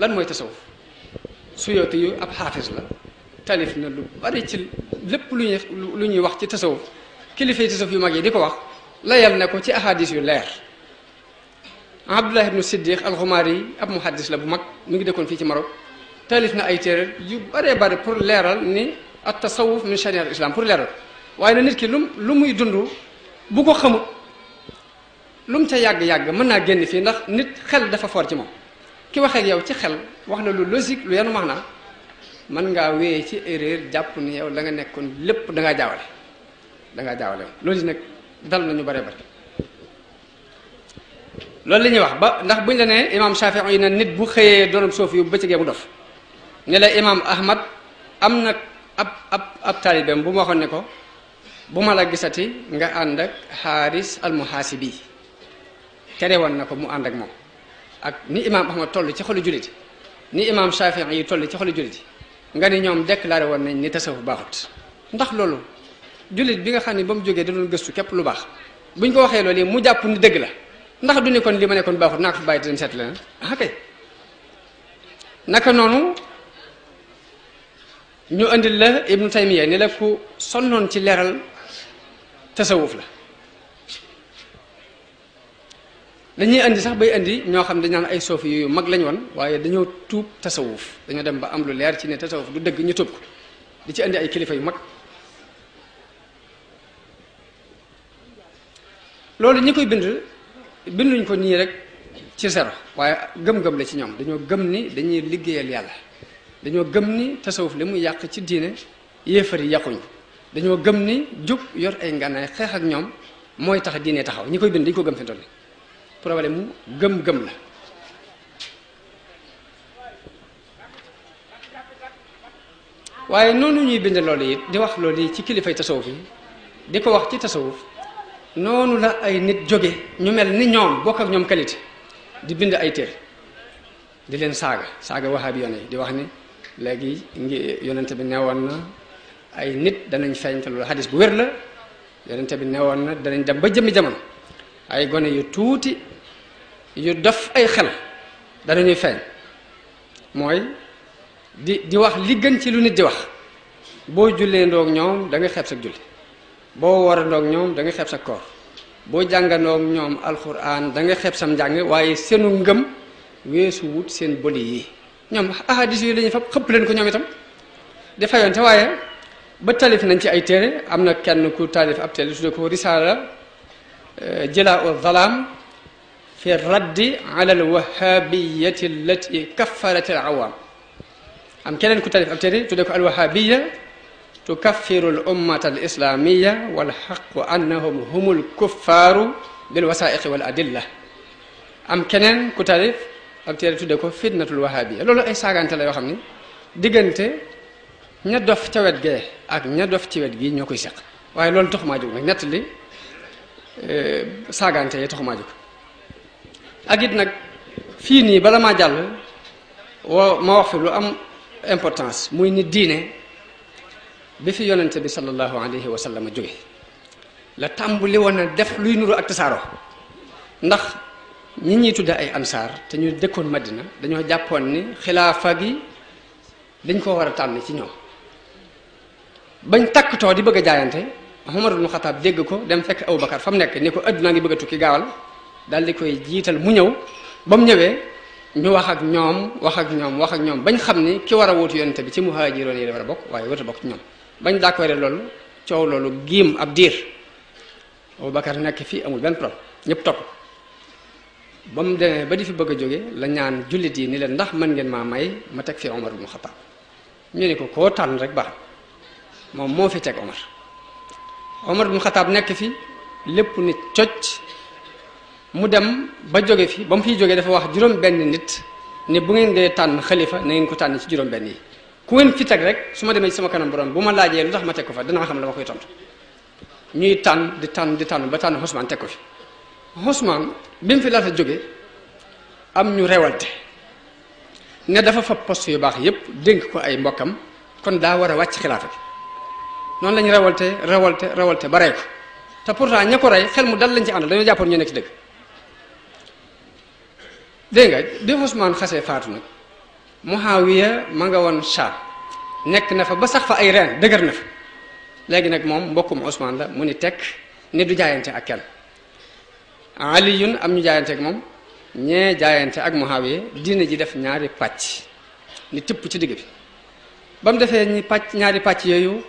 lan mooy tasawuf suyooti yu ab xaafis la talif na lu bari ci lépp lu ñuy lu ñuy wax ci tasawuf kilifa yi tasawuf yu mag yi di ko wax layal na ko ci ahadis yu leer abdullah ibnu siddiq alxumaari yi ab muhaddis la bu mag mu ngi dëkkoon fii ci Maroc taalif na ay téere yu bare bare pour leeral ni at tasawuf min sharial islam pour leeral waaye na nit ki lu lu muy dund bu ko xamut lu mu ca yàgg-yàgg mën naa génn fii ndax nit xel dafa for ci moom ki wax ak yow ci xel wax na lu logique lu yenu na mën ngaa wéyee ci erreur jàpp ni yow la nga nekkoon lépp da ngaa jaawale da ngaa jaawale loolu nag dal nañu bare bare loolu lañuy wax ba ndax buñ la nee imaam Shafii yi ne nit bu xëyee doonam soof yu bëccëgee mu dof ne la imaam Ahmad am na ab ab ab taalibeem bu ma waxoon ne ko bu ma la gisati nga ànd ak xaaris almuhaasibi tere woon na ko mu ànd ak moom ak ni imam ahmad tollu ci xolu juliti ni imam shafii yi toll ci xolu juliti nga ni ñom déclarer won nañ ni tasawuf baxut ndax lolu julit bi nga xam bam joggé da doon gëstu képp lu bax buñ ko waxé lolé mu jàpp ni dëgg la ndax du ni kon li ma nekkoon baaxut naa ko fi bàyyi te kay naka nonu ñu andil la ibnu taymiya ni la ku sonnon ci léral tasawuf la dañuy andi sax bay andi ñoo xam dañ naan ay soofi yooyu mag lañ woon waaye dañoo tuub tasawuf dañoo dem ba am lu leer ci ne tasawuf du dëgg ñu tuub ko di ci andi ay kilifa yu mag loolu ñi koy bind binduñ ko nii rek ci zéro waaye gëm-gëm la ci ñoom dañoo gëm ni dañuy liggéeyal yàlla dañoo gëm ni tasawuf li mu yàq ci diine yéefar yi yàquñu dañoo gëm ni jub yor ay ngànnaay xeex ak ñoom mooy tax diine taxaw ñi koy bind dañ ko gëm fi toll problème mu gëm-gëm la waaye noonu ñuy bind loolu it di wax loolu yi ci kilifay tasawuf yi di ko wax ci tasawuf noonu la ay nit jóge ñu mel ni ñoom bokk ak ñoom qualité di bind ay téere di leen saaga saaga waxaab yone yi di wax ni léegi ngi yonente bi newoon na ay nit danañ feeñ te loolu xadis bu wér la yonente bi neewoon na danañ dem ba jëmmi jamono ay gone yu tuuti yu def ay xel dana ñuy feeñ mooy di di wax li gën ci lu nit di wax boo jullee ndoog ñoom da nga xeeb sa julli boo war a ndoog ñoom da nga xeeb sa koor boo jàngandoog ñoom alxuraan da nga xeeb sam njàng waaye seenu ngëm weesu wut seen bëli yi ñoom ahadis yi lañu fa xëpp leen ko ñoom itam dafa te waaye ba taalif nañ ci ay téere am na kenn ku taalif ab téere su ko risaala eh, jëlaa o zalaam في الرد على الوهابية التي كفرت العوام أم كان كنت أبتدي تدك الوهابية تكفر الأمة الإسلامية والحق أنهم هم الكفار بالوثائق والأدلة أم كان كنت أبتدي تدك فتنة الوهابية لولا أي ساعة أنت لا يخمني ديجنتي ña dof ci wet gee ak ña dof ci wet gii ñoo koy seq waaye loolu taxumaa jóg nag ñett li ak nag fii nii bala ma jàll woo ma wax fi lu am importance muy ni diine bi fi yonente bi sallallahu alayhi wa sallam jóge la tàmbuli woon def luy nuru ak ndax ñi ñuy tudde ay ansaar te ñu dëkkoon madina dañoo jàppoon ni xilaafa gi dañ koo war a tànn ci ñoom bañ takktoo di bëgg a jaayante Umar ibn Xataab dégg ko dem fekk Abubakar fa mu nekk ni ko addunaa ngi bëgg a tukki gaawal dal di koy jital mu ñëw bam ñewé ñu wax ak ñom wax ak ñom wax ak ñom bañ xamni ki wara wut yonent bi ci muhajirone yi wara bok waye wara bok ci ñom bañ d'accordé loolu ciow loolu giim ab dir abou bakkar nek fi amul ben problème ñep top bam de ba di fi bëgg joggé la ñaan julit yi ni leen ndax man ngeen ma may ma tek fi Omar ibnu Xattaab ñu ni ko ko tan rek ba mom mo fi tek Omar Omar ibnu Xattaab nek fi lépp nit cioc mu dem ba jóge fi ba mu fiy jógee dafa wax juróom benn nit ne bu ngeen dee tànn xalifa na ngeen ko tànn ci juróom benn yi ku ngeen fi teg rek su ma demee sama kanam borom bu ma laajee lu tax ma teg ko fa danaa xam la ma koy tontu ñuy tànn di tànn di tànn ba tànn Ousmane teg ko fi Ousmane bi mu fi laata jóge am ñu rewalte ne dafa fa poste yu baax yépp dénk ko ay mbokam kon daa war a wàcc xilaafa bi noonu lañu rewalte rewalte rewalte ba rey ko te pourtant ña ko rey xel mu dal lañ ci àndal dañoo jàppoon ñu nekk ci dëgg dégg nga bi Usmaan xasee faatu nag Muhaawiya ma nga woon Shaam nekk na fa ba sax fa ay reen dëgër na fa léegi nag moom mbokkum Usmaan la mu ni tekk ni du jaayante ak kenn Aliyun am ñu jaayante ak moom ñee jaayante ak Muhaawiya diine ji def ñaari pàcc ni tëpp ci digg bi ba mu defee ñi pàcc ñaari pàcc yooyu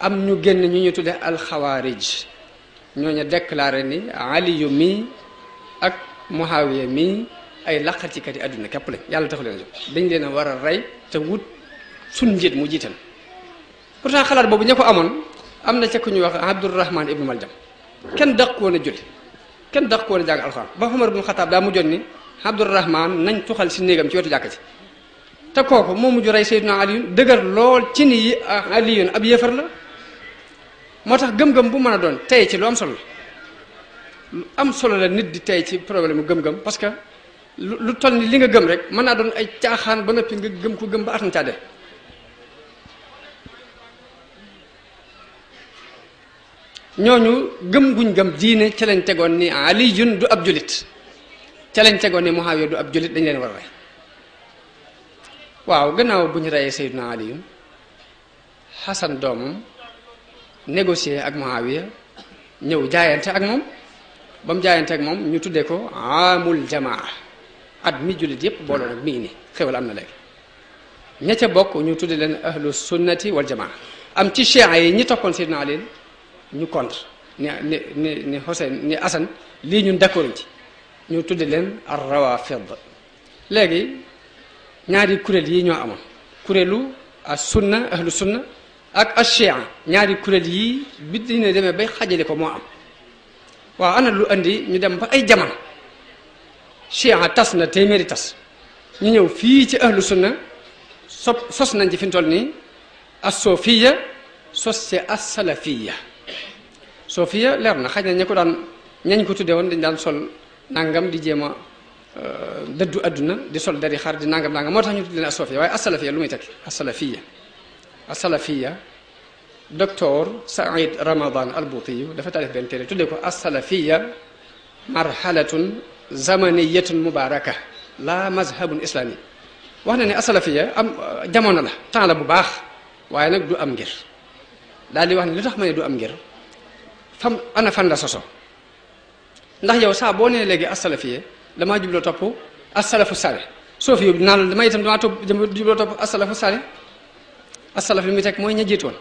am ñu génn ñu ñu tudde alxawaarij ñooñu déclaré ni Aliyu mii ak Muhaawiya mii ay laqat ci kat yi àdduna képp lañ yàlla taxu leen a jóg dañ leen a war a rey te wut suñ njiit mu jiital pourtant xalaat boobu ña ko amoon am na ca ku ñuy wax Abdurrahman ibnu Maljam kenn daq ko woon a julli kenn daq ko woon a jàng alxuraan ba Umar mu Xataab daa mujjoon ni Abdurrahman nañ tuxal si néegam ci wetu jàkka ci te kooku moo mujj rey Seydina Aliyun dëgër lool ci nii ah, Aliyun ab yéefar la moo tax gëm-gëm bu mën a doon tey ci lu am solo la lu am solo la nit di tey ci problème mu parce que lu toll ni li nga gëm rek mën naa doon ay caaxaan ba noppi nga gëm ko gëm ba atam caade ñooñu gëm guñ gëm diine ca lañ tegoon ni aliyun du ab julit ca tegoon ni muawiya du ab julit dañ leen war a rey waaw gannaaw bu ñu reyee sayyiduna aliyun xasan doomam négocier ak muawiya ñëw jaayante ak moom ba jaayante ak moom ñu tuddee ko amul jamaa at mi jullit yëpp booloo nag mi ngi nii xewal am na léegi ña bokk ñu tudde leen ahlu sunnati wal am ci chia yi ñi toppoon Seydina Ali ñu contre ni ni ni Hussein ni Hassan lii ñun d'accord ci ñu tudde leen ar rawafid léegi ñaari kuréel yi ñoo amoon kuréelu as sunna ahlu sunna ak as chia ñaari kuréel yi bi dina demee bay xajale ko moo am waaw ana lu andi ñu dem ba ay jamono chia tas na téeméeri tas ñu ñëw fii ci ahlu sunna so sos nañ ci fi mu toll nii assofiya sos ci assalafiya sofiya leer na xaj na ña ko daan ñañ ko tudde woon dañ daan sol nangam di jéem a dëddu àdduna di sol dari xar di nangam nangam moo tax ñu tudde leen assofiya waaye assalafiya lu muy tekki assalafiya assalafiya docteur Saïd Ramadan al Boutiyu dafa taalif benn téere tudde ko assalafiya marhalatun zamaniyatun mubaraka la mazhabun islami wax na ne asalafiya am jamono la temps bu baax waaye nag du am ngir daal di wax ne li tax ma ne du am ngir fam ana fan la soso ndax yow saa boo nee léegi asalafiya damaa jubloo topp asalafu sale soo fi yóbbu naa loolu damay itam damaa topp jubloo topp asalafu sale asalaf li muy teg mooy ña jiit woon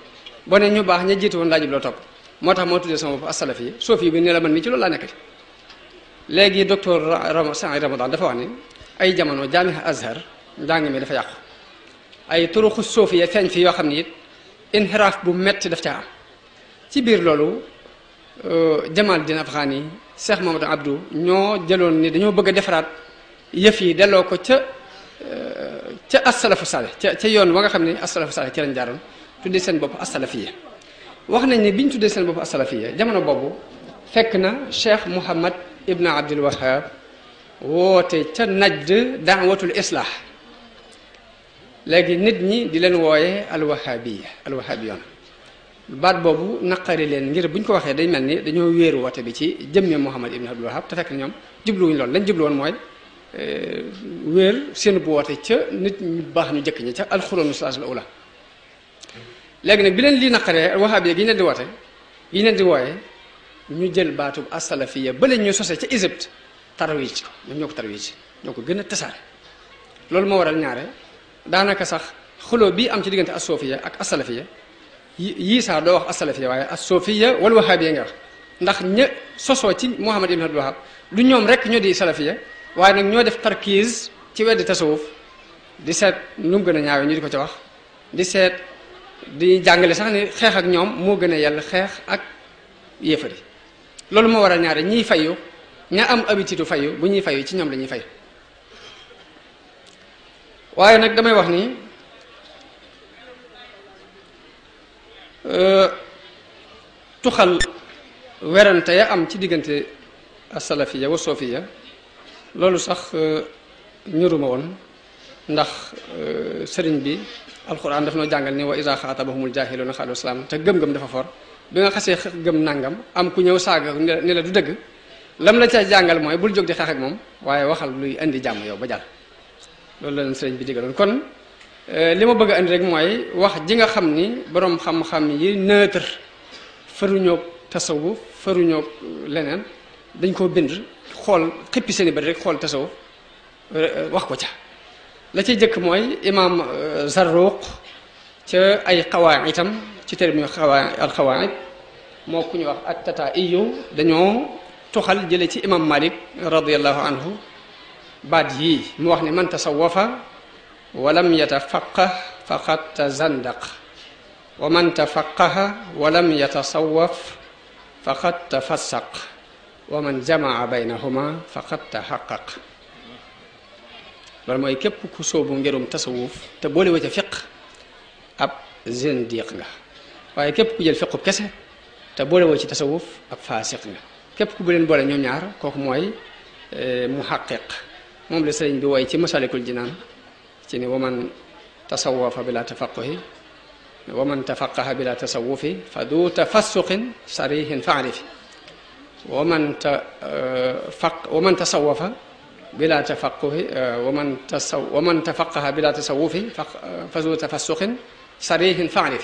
boo ne ñu baax ña woon laa jubloo topp moo tax moo tuddee sama bopp asalafi soo fi yóbbu ne la man mii ci loolu laa léegi docteur Rama Saïd Ramadan dafa wax ni ay jamono jaami azhar njàng mi dafa yàqu ay turuxu suufiya feeñ fi yoo xam ni it inxiraaf bu metti daf caa am ci biir loolu Jamal Din Afghani Cheikh Mamadou Abdou ñoo jëloon ni dañoo bëgg a defaraat yëf yi delloo ko ca ca asalafu sale ca ca yoon wa nga xam ne asalafu sale ci lañ jaaroon tuddee seen bopp asalafiya wax nañ ne biñ tuddee seen bopp asalafiya jamono boobu fekk na Cheikh Mouhamad ابن عبد الوهاب ووتي تنجد دعوة الإصلاح لكن ندني دي لن الوهابية الوهابيون بعد بابو نقاري لن نجرب بنك وخير دي ملني دي نيو وير واتبتي جمي محمد ابن عبد الوهاب تفاك نيوم جبلوين لون لن جبلوين موي وير سين بواتي تي نت نباح نجاك نتا الخرون نسلاس الأولى لكن بلن لي نقري الوهابية جينا دواتي جينا دواتي ñu jël baatub asalafiya ba lañ ñu sose ca Égypte tarawii ci ko ñoom ñoo ko tarawii ci ñoo ko gën a tasaare loolu moo waral ñaare daanaka sax xuloo bii am ci diggante asoofiya ak asalafiya yii saa doo wax asalafiya waaye asoofiya wal wahabiya nga wax ndax ña sosoo ci Muhammad ibn Abdul Wahab du ñoom rek ñoo di salafiya waaye nag ñoo def tarkiis ci weddi tasawuf di seet nu mu gën a ñaawe ñu di ko ci wax di seet di jàngale sax ni xeex ak ñoom moo gën a yàlla xeex ak yéefari loolu moo waral ñaare ñiy fayu ña am habitude fayu bu ñuy fayu ci ñoom la ñuy fay waaye nag damay wax nii euh, tuxal werante ya am ci diggante asalafiya wa sofiya loolu sax euh, ñuruma woon ndax euh, sëriñ bi alxuraan daf noo jàngal ni wa isa xaatabahumul jaahiluuna xaalu salaam te gëm-gëm dafa for bi nga xasee gëm nangam am ku ñëw saaga ne la du dëgg lam la ca jàngal mooy bul jóg di xeex moom waaye waxal luy indi jàmm yow ba jàll loolu la leen sëriñ bi digaloon kon euh, li ma bëgg indi rek mooy wax ji nga xam ni boroom xam-xam yi neutre faruñoog tasawuf faruñoog leneen dañ koo bind xool xippi seen i rek xool tasawuf euh, wax ko ca la ca jëkk mooy imaam euh, Zarruq ca ay xawaa itam ci terme alxawaarib moo ku ñu wax ak tata iyo dañoo tuxal jële ci imam malik radiallahu anhu baat yii mu wax ne man tasawafa walam yatafaqah faqad tazandaq wa man tafaqaha walam yatasawaf faqad tafassaq wa man jamaa baynahuma faqad taxaqaq loolu mooy képp ku sóobu ngirum tasawuf te boole wa ca fiq ab zindiq nga waaye képp ku jël fiqub kese te boolewoo ci tasawuf ak faasiq la képp ku bu leen boole ñoom ñaar kooku mooy muhaqiq moom la sëriñ bi woy ci masalikul jinaan ci ne waman tasawafa bila tafaquhi waman tafaqaha bila tasawufi fa du tafassuqin sarihin faarifi waman ta faq waman tasawafa بلا تفقه ومن tasaw ومن تفقه بلا tasawufi fa تفسخ صريح sarihin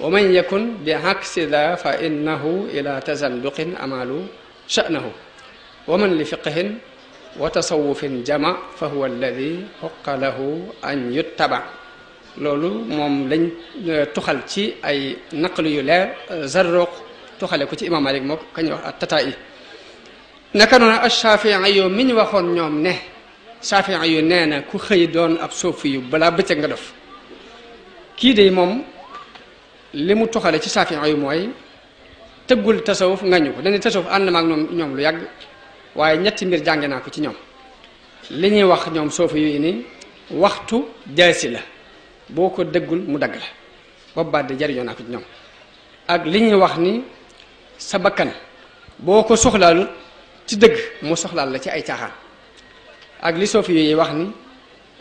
ومن يكن بعكس ذا فإنه إلى تزندق أمال شأنه ومن لفقه وتصوف جمع فهو الذي حق له أن يتبع لولو مم لن تخل أي نقل يلا زرق تخل كتي إمام مالك موك كان التتائي نكرنا الشافعي من وخون يوم نه شافعي نانا كخي أبصوفي بلا بتنغرف كي دي موم li mu toxale ci saafin yi mooy tëggul tasawuf ngañu ko dañuy tasawuf ànd maak ñoom ñoom lu yàgg waaye ñetti mbir jànge naa ko ci ñoom li ñuy wax ñoom soofa yooyu ni waxtu jaasi la boo ko dëggul mu dagg la bopp jariñoo naa ko ci ñoom ak li ñuy wax ni sa bakkan boo ko soxlaalut ci dëgg mu soxlaal la ci ay caaxaan ak li soofa yooyu wax ni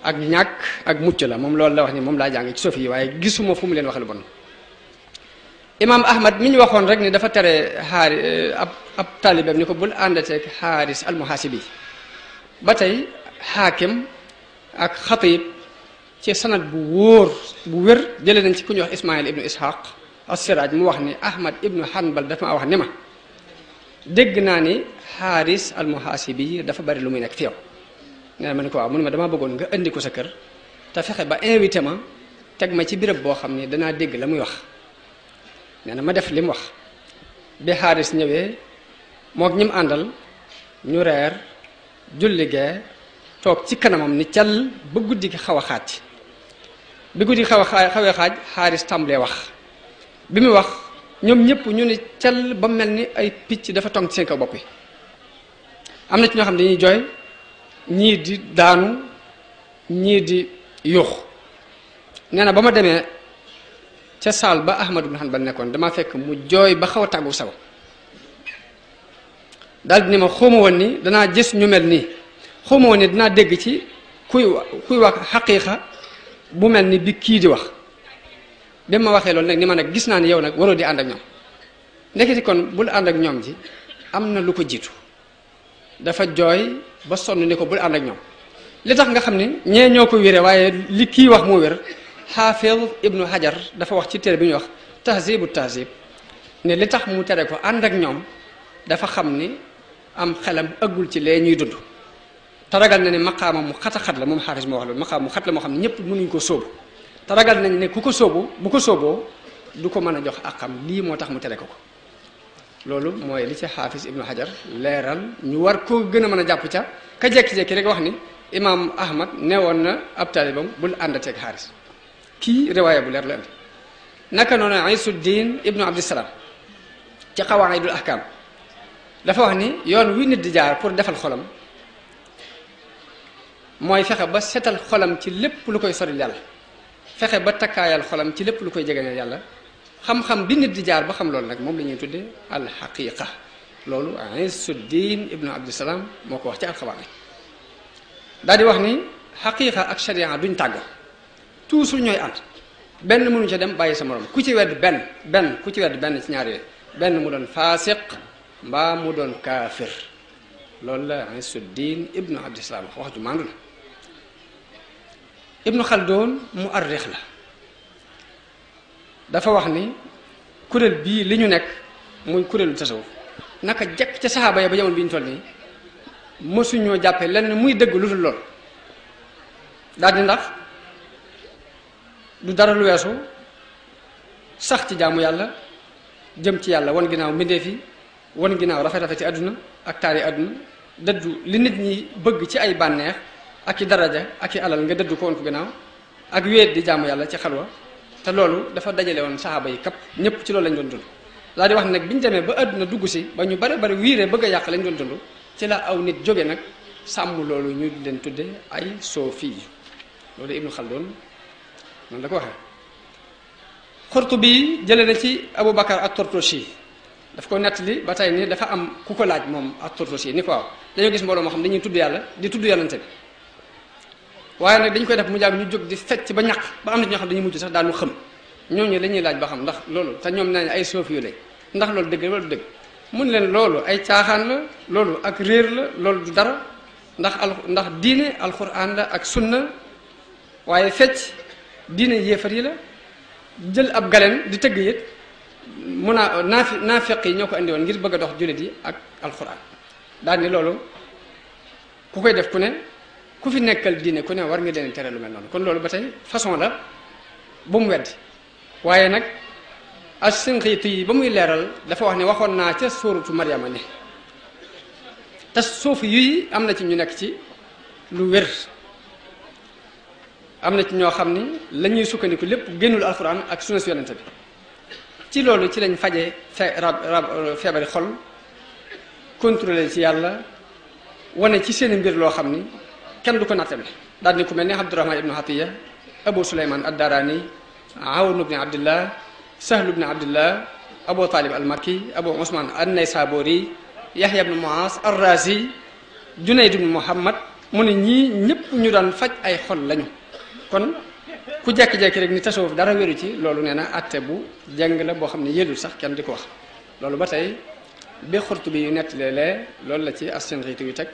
ak ñàkk ak mucc la moom loolu la wax ni moom laa jàng ci soofa yi waaye gisuma fu mu leen wax lu bon imam ahmad mi ñu waxoon rek ni dafa tere xaari ab ab taalibam ni ko bul àndateeg xaaris almuhaasibi ba tey xaakim ak xatib ci sanad bu wóor bu wér jële nañ ci ku wax ismail ibn ishaq assiraaj mu wax ni ahmad ibn hanbal dafa ma wax ni ma dégg naa ni xaaris almuhaasibi dafa bari lu muy nekk fi yow nee na ma ni ko waaw mu ne dama bëggoon nga indi ko sa kër te fexe ba invité ma teg ma ci béréb boo xam ni danaa dégg wax nee ma def li mu wax bi xaaris ñëwee mook ñi àndal ñu reer julli gee toog ci kanamam ni cal ba guddi gi xaw a xaaj bi guddi gi xaw xaaj xaaris tàmbalee wax bi muy wax ñoom ñëpp ñu ni cal ba mel ni ay picc dafa tong ci seen kaw bopp yi am na ci ñoo xam ne dañuy jooy ñii di daanu ñii di yuux nee ba ma demee ca saal ba Ahmad ibn ba nekkoon damaa fekk mu jooy ba xaw a tax bu saw daal di ne ma xawma woon ni danaa jis ñu mel nii xawma woon ni danaa dégg ci kuy kuy wax xaqiiqa bu mel ni bi kii di wax bi ma waxee loolu nag ni ma nag gis naa ni yow nag waroo di ànd ak ñoom ndeketi kon bul ànd ak ñoom ji am na lu ko jiitu dafa jooy ba sonn ni ko bul ànd ak ñoom li tax nga xam ne ñee ñoo ko wére waaye li kii wax moo wér xaafid ibnu hajar dafa wax ci téere bi ñuy wax tahzibu tahzib ne li tax mu tere ko ànd ak ñoom dafa xam ni am xelam ëggul ci lee ñuy dund te ragal na ne maqaama mu xat a xat la moom xaaris moo wax loolu maqaama mu xat la moo xam ne ñëpp mënuñ ko sóobu te ragal nañ ne ku ko sóobu bu ko sóoboo du ko mën a jox ak xam lii moo tax mu tere ko ko loolu mooy li ci xaafis ibnu hajar leeral ñu war koo gën a mën a jàpp ca ka jekki-jekki rek wax ni imaam ahmad newoon na ab taalibam bul àndateeg xaaris كي رواية بلير لأنه نكنون عيسو الدين ابن عبد السلام تي قواعد الأحكام دفعني يون وين الدجار بور دفع الخلم موي فخه با سيتال خولم تي ليپ لو كاي سوري يالا فخه با تكايال خولم تي ليپ لو كاي جيغاني يالا خم خم بي نيت دي جار با خم لول نك موم لا نيي تودي الحقيقه لولو عيسو الدين ابن عبد السلام موكو واخ تي الخبار دادي واخ ني حقيقه اك شريعه دون تاغو toujours ñooy ànd benn mënu ca dem bàyyi sa morom ku ci wedd ben benn ku ci wedd benn ci ñaar yooyu ben mu doon faasiq mbaa mu doon kaafir loolu la Isuddin ibnu Abdisalaam wax wax ju màndu la ibnu Xaldoon mu arrix la dafa wax ni kuréel bi li ñu nekk muy kuréelu tasawuf naka jekk ca saxaaba ya ba jamono bi ñu toll nii mësuñoo jàppee lenn muy dëgg lu dul lool daal di ndax du dara lu weesu sax ci jaamu yàlla jëm ci yàlla wan ginaaw mbindeef yi wan ginnaaw rafet rafet ci àdduna ak taari àdduna dëddu li nit ñi bëgg ci ay bànneex ak i daraja ak i alal nga dëddu ko woon ko ginnaaw ak wéet di jaamu yàlla ci xal wa te loolu dafa dajale woon saxaaba yi kapp ñëpp ci loolu lañ doon dund laa di wax nag bi ñu ba àdduna dugg si ba ñu bare bari wiire bëgg a yàq lañ doon dund ci la aw nit jóge nag sàmm loolu ñu leen tudde ay soofi loolu Ibnu noonu la ko waxee Xurtubi jële na ci Abu Bakar ak Tortoshi daf ko nettali ba tey ni dafa am ku ko laaj moom ak Tortoshi ni ko waaw dañoo gis mbooloo moo xam dañuy tudd yàlla di tudd yonante bi waaye nag dañ koy def mu jàgg ñu jóg di fecc ba ñàq ba am na ñoo xam dañuy mujj sax daanu xëm ñooñu lañuy laaj ba xam ndax loolu te ñoom nañ ay soof yu lañ ndax loolu dëgg loolu dëgg mun leen loolu ay caaxaan la loolu ak réer la loolu du dara ndax al ndax diine alquran la ak sunna waaye fecc diine yéefar yi la jël ab galen di tëgg yit mun a naafi naafeq yi ñoo ko indi woon ngir bëgg a dox jullit yi ak alxuraan daal ni loolu ku koy def ku ne ku fi nekkal diine ku ne war nga leen tere lu mel noonu kon loolu ba tey façon la bu mu weddi waaye nag as-Sinqiiti yi ba muy leeral dafa wax ne waxoon naa ca suuratu Maryama ne te suuf yuy am na ci ñu nekk ci lu wér amna ci ño xamni lañuy sukkandiku lépp génnul alquran ak sunna yonente bi ci lolu ci lañ faje fe xol contrôler ci yàlla woné ci seen mbir lo xamni kenn du ko nattable daal ni ku melni ni ibn hatiya abu ad-darani awn ibn abdullah sahl ibn abdullah abu talib al makki abu usman an naysabori yahya ibn muas ar-razi junayd ibn muhammad mune ñi ñëpp ñu daan faj ay xol lañu kon ku jekki-jekki rek ni tasawuf dara wéru ci loolu nee na atte bu jàng la boo xam ne yëlul sax kenn di ko wax loolu ba tey bi xurtu bi yu nett lee loolu la ci assenritu yu teg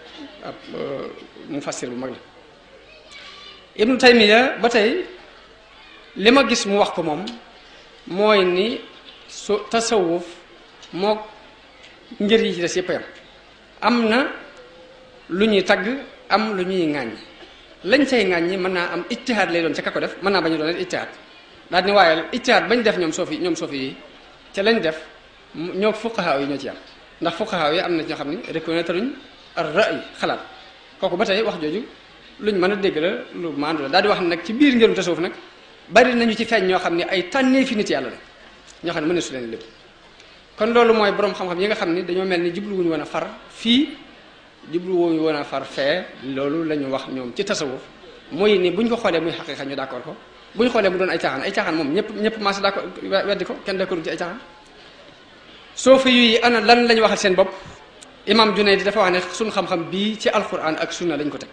ab euh, mu fassir bu mag la ibnu taymiya ba tey li ma gis mu wax ko moom mooy ni su tasawuf moo ngir yi ci des yëpp yam am na lu ñuy tagg am lu ñuy ŋàññ lañ cay ŋàññi mën naa am ijtihaad lay doon ca ka def mën naa bañ a doon leen ijtihaad daal ni waaye ijtihaad bañ def ñoom soofi ñoom soofi yi ca lañ def ñoo fuqahaa yi ñoo ci yam ndax fuqahaa yi am na ñoo xam ne reconnaître luñ ar xalaat kooku ba tey wax jooju luñ mën a dégg la lu maandu la daal di wax ne nag ci biir ngërum tasawuf nag bari nañu ci feeñ ñoo xam ne ay tànnee fi nit yàlla la ñoo xam ne mën su leen lépp kon loolu mooy borom xam-xam yi nga xam ne dañoo mel ni jubluwuñu woon a far fii jublu wo wi wona far fee loolu lañu wax ñom ci tasawuf moy ni buñ ko xolé muy haqiqa ñu d'accord ko buñ xolé mu doon ay caaxaan ay mom ñep ñep ma maas d'accord wedd ko kenn d'accord ci ay caaxaan soofi yi ana lan lañ waxal seen bop imam Junayd dafa wax ne suñ xam-xam bi ci alquran ak sunna lañ ko tek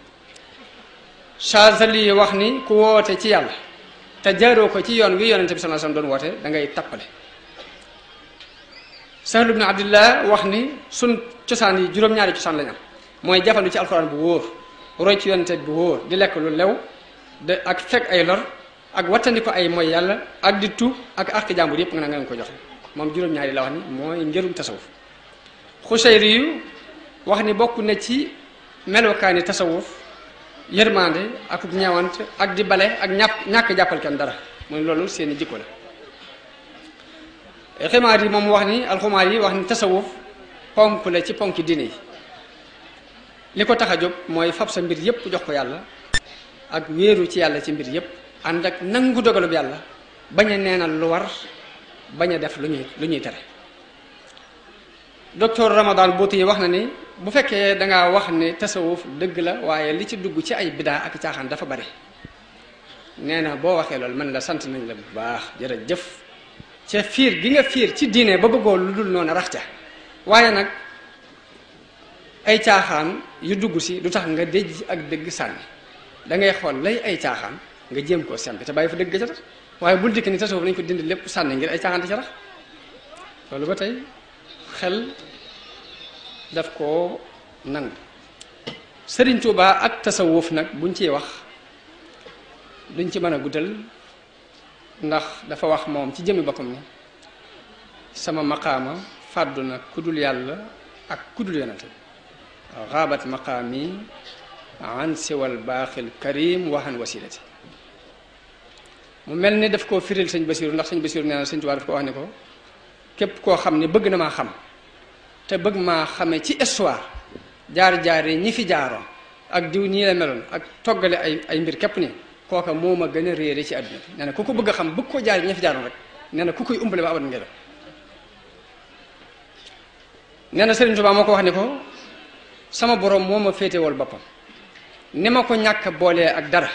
shazali wax ni ku wote ci yàlla te jaro ko ci yoon wi yonente bi sallallahu alayhi wasallam doon wote da ngay tapale Sahl ibn abdullah wax ni sun ciosan yi juróom-ñaari ciosan lañ am mooy jafandu ci alxuraan bu wóor roy ci yonent bu wóor di lekk lu lew de ak fekk ay lor ak wattandi ay mooy yàlla ak di tu ak àq jàmbur yëpp nga ne nga ko joxe moom juróom-ñaari la wax ni mooy njërum tasawuf xuseyri yu wax ni bokk na ci melokaani tasawuf yërmande ak ñawant ak di bale ak ñàkk jàppal kenn dara mooy loolu seeni jikko la ximaar yi moom wax ni alxumaar yi wax ni tasawuf ponk la ci ponk diine yi li ko tax a jóg mooy fab sa mbir yépp jox ko yàlla ak wéeru ci yàlla ci mbir yépp ànd ak nangu dogalub yàlla bañ a neenal lu war bañ a def lu ñuy lu ñuy tere docteur Ramadan Bouti wax na ni bu fekkee dangaa wax ne tasawuf dëgg la waaye li ci dugg ci ay bidaa ak caaxaan dafa bari nee na boo waxee loolu mën la sant nañ la bu baax jëf ca fiir gi nga fiir ci diine ba bëggoo lu dul noonu rax ca waaye nag ay caaxaan yu dugg si du tax nga déj ak dégg sànni dangay ngay xool lay ay caaxaan nga jéem koo sempi te bàyyi fa dëgg ca tax waaye bul dikk ni tasawuf nañ ko dindi lépp sànni ngir ay caaxaan di ca tax loolu ba tey xel daf koo nangu Sëriñ Tuubaa ak tasawuf nag buñ ci wax duñ ci mën a guddal ndax dafa wax moom ci jëmmi boppam ni sama maqaama fàddu na ku dul yàlla ak ku dul yonante غابت مقامي عن سوى baaxil الكريم وهن وسيلتي mu mel ni daf koo firil sëñ Basiru ndax sëñ Basiru nee na sëñ Tuubaa daf ko wax ne ko képp koo xam ne bëgg na maa xam te bëgg maa xame ci histoire jaar-jaar yi ñi fi jaaroon ak diw ñii la meloon ak toggale ay ay mbir képp ni kooka moo ma gën a réere ci àdduna bi nee na ku ko bëgg a xam bëgg koo jaar ñi fi jaaroon rek nee na ku koy umbale ba abadan nga def nee na sëriñ Tuubaa moo ko wax ne ko sama borom moma fete wol bopam nima ko ñak boolee ak dara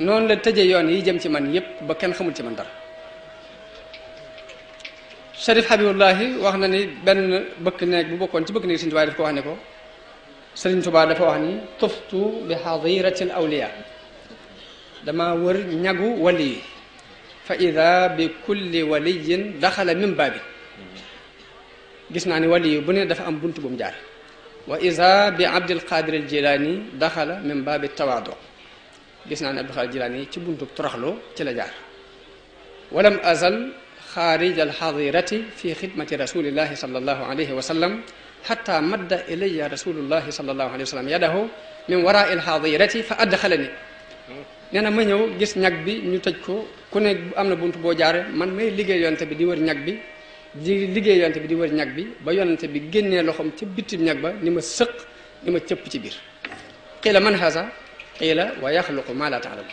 non la tëje yoon yi jëm ci man yépp ba kenn xamul ci man dara sharif habibullah wax na ni ben bëkk neek bu bokkon ci bëkk neek Sëriñ Tuubaa daf ko wax ne ko Sëriñ touba dafa wax ni tuftu bi xadiratil awliya dama wër ñagu wali fa ida bi kulli waliyin dakhala min babi gis na ni wali bu ne dafa am buntu bu mu jaar وإذا بعبد القادر الجيلاني دخل من باب التواضع جسنا عبد القادر الجيلاني تبنت ترحلو تلا جار ولم أزل خارج الحضيرة في خدمة رسول الله صلى الله عليه وسلم حتى مد إلي رسول الله صلى الله عليه وسلم يده من وراء الحضيرة فأدخلني نانا ما نيو جيس نياك بي نيو تاجكو كوني امنا بونت بو جار مان ماي ليغي يونت بي دي وير نياك بي di liggéey yonent bi di wër ñag bi ba yonent bi génnee loxoom ca bitim ñag ba ni ma sëq ni ma cëpp ci biir xiila man haasa xiila wa yaxluqu maa laa taalamu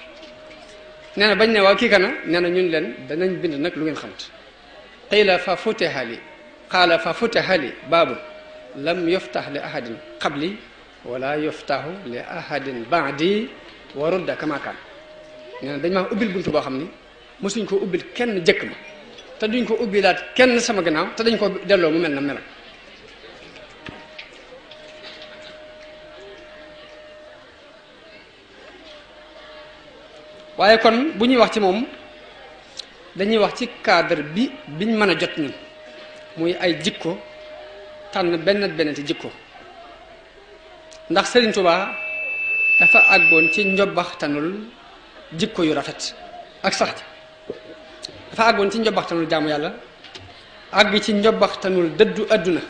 nee na bañ ne waaw kii kana nee na ñun leen danañ bind nag lu ngeen xamut xiila fa futiha li qaala fa futiha li baabu lam yuftax li ahadin qabli wala yuftaxu li ahadin baadi wa rudda kama kaan nee dañ maa ubbil bunt boo xam ni mosuñ ko ubbil kenn jëkk ma te duñ ko ubbi laat kenn sama gannaaw te dañ ko delloo mu mel na mel waaye kon bu ñuy wax ci moom dañuy wax ci cadre bi biñ mën a jot ñun muy ay jikko tànn benn benn ci jikko ndax Serigne Touba dafa àggoon ci njobaxtanul jikko yu rafet ak sax dafa àggoon ci njobbaxtanul jaamu yàlla àgg ci njobbaxtanul dëddu àdduna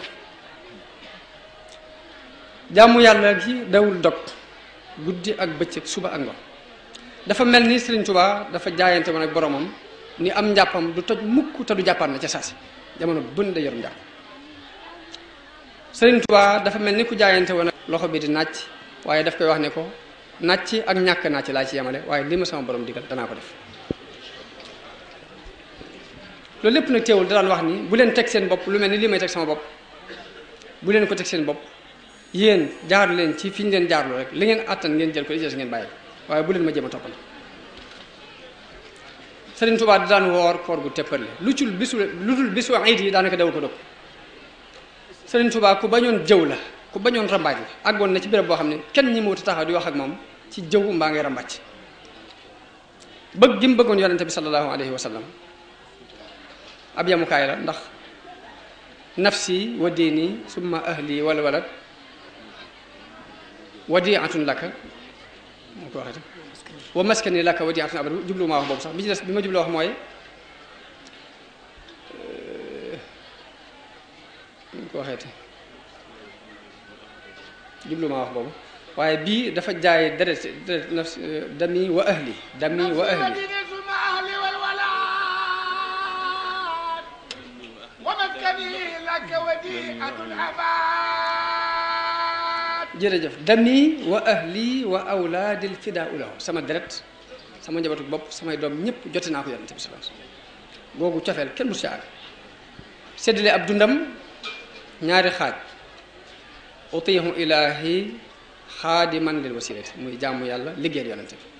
jàmm yàlla gi dawul dog guddi ak bëccëg suba ak ngoon dafa mel ni Sëriñ Tuubaa dafa jaayante woon ak boromam ni am njàppam du toj mukk te du jàppaat na ca si jamono bën da yoru njàpp Sëriñ Tuubaa dafa mel ni ku jaayante woon ak loxo bi di nàcc waaye daf koy wax ne ko nàcc ak ñàkk nàcc laa ci yemale waaye li ma sama borom digal danaa ko def loolu lépp nag teewul daan wax ni bu leen teg seen bopp lu mel ni li may teg sama bopp bu leen ko teg seen bopp yéen jaar leen ci fi ñu leen jaarlu rek li ngeen àttan ngeen jël ko li des ngeen bàyyi waaye bu leen ma jéem a toppal di daan woor koor lu cul bisu lu dul bisu ayit yi daanaka dawul ko dog Sëriñ Tuubaa ku bañoon jëw la ku bañoon rambaaj la àggoon na ci béréb boo xam ne kenn ñi mawuta taxaw di wax ak moom ci jëw mbaa ngay rambaaj bëgg gi mu bëggoon yonente bi sallallahu alayhi wa ab yamukaay la ndax nafsi wa diini summa ahli wal walad wadiatun laka moo ko wa maskani laka wadiatun abad jublu maa wax boobu sax bi ci des bi jublu wax mooy ko waxeete jublu maa wax boobu waaye bii dafa jaay deret nafsi dami wa ahli dami wa ahli jërëjëf dami wa ahli wa awlaadil fidaa ulaw sama deret sama njabootu bopp samay doom ñëpp jote naa ko yonent bi sallallahu alayhi wasallam googu cofeel kenn musu ci àgg séddale ab dundam ñaari xaaj utiyahu ilaahi xaadiman lil wasilati muy jàmm yàlla liggéeyal yonent bi